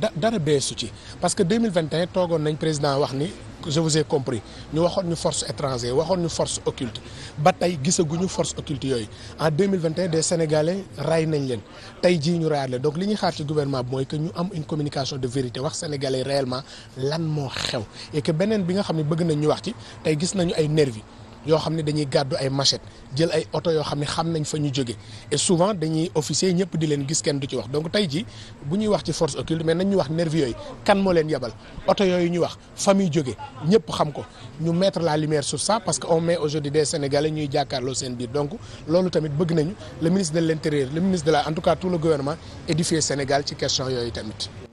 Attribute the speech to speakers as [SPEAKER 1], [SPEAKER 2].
[SPEAKER 1] dara beesu ci parce que 2021 toogoon nañ président wax ni je vous ai compris ñu waxoon ñu force étrangère waxoon ñu force occulte ba tey gisaguñu force occulte yooyu en 2021 des sénégalais ray nañ leen tey jii ñu rayaat leen donc li ñuy xaar ci gouvernement bi mooy que ñu am une communication de vérité wax sénégalais réellement lan moo xew et que beneen bi nga xam ne bëgg nañ ñu wax ci tey gis nañu ay nervi yoo xam ne dañuy gàddu ay machette jël ay oto yoo xam ne xam nañ fa ñu jóge et souvent dañuy officier ñëpp di leen gis kenn du ci wax donc tey ji bu ñuy wax ci force occulte mais nañ wax nervis yooyu kan moo leen yebal oto yooyu ñu wax famille jóge ñëpp xam ko ñu mettre la lumière sur ça parce que on met aujourd'hui des Sénégalais ñuy jàkkaarloo seen biir donc loolu tamit bëgg nañu le ministre de l'intérieur le ministre de la en tout cas tout le gouvernement ci question yooyu tamit